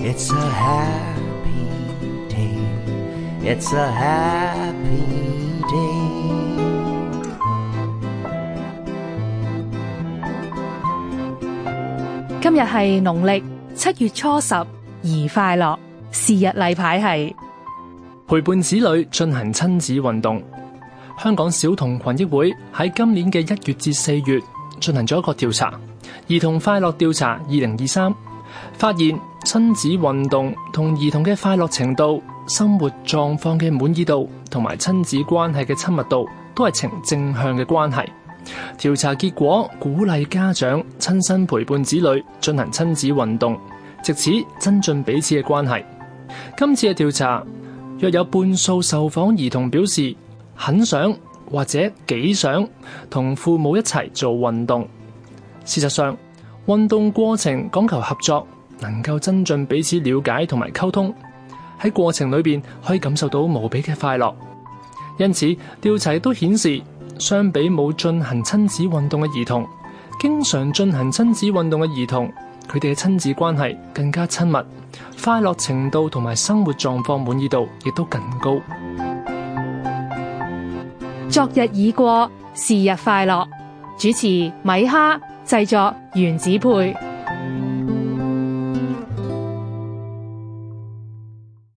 It's a happy day. It's a happy day. 今日係農曆七月初十，而快樂是日例牌係陪伴子女進行親子運動。香港小童群益會喺今年嘅一月至四月進行咗一個調查，兒童快樂調查二零二三。發現親子運動同兒童嘅快樂程度、生活狀況嘅滿意度同埋親子關係嘅親密度，都係呈正向嘅關係。調查結果鼓勵家長親身陪伴子女進行親子運動，藉此增進彼此嘅關係。今次嘅調查，若有半數受訪兒童表示很想或者幾想同父母一齊做運動，事實上。運動過程講求合作，能夠增進彼此了解同埋溝通。喺過程裏邊可以感受到無比嘅快樂。因此調查都顯示，相比冇進行親子運動嘅兒童，經常進行親子運動嘅兒童，佢哋嘅親子關係更加親密，快樂程度同埋生活狀況滿意度亦都更高。昨日已過，是日快樂。主持米哈。製作原子配。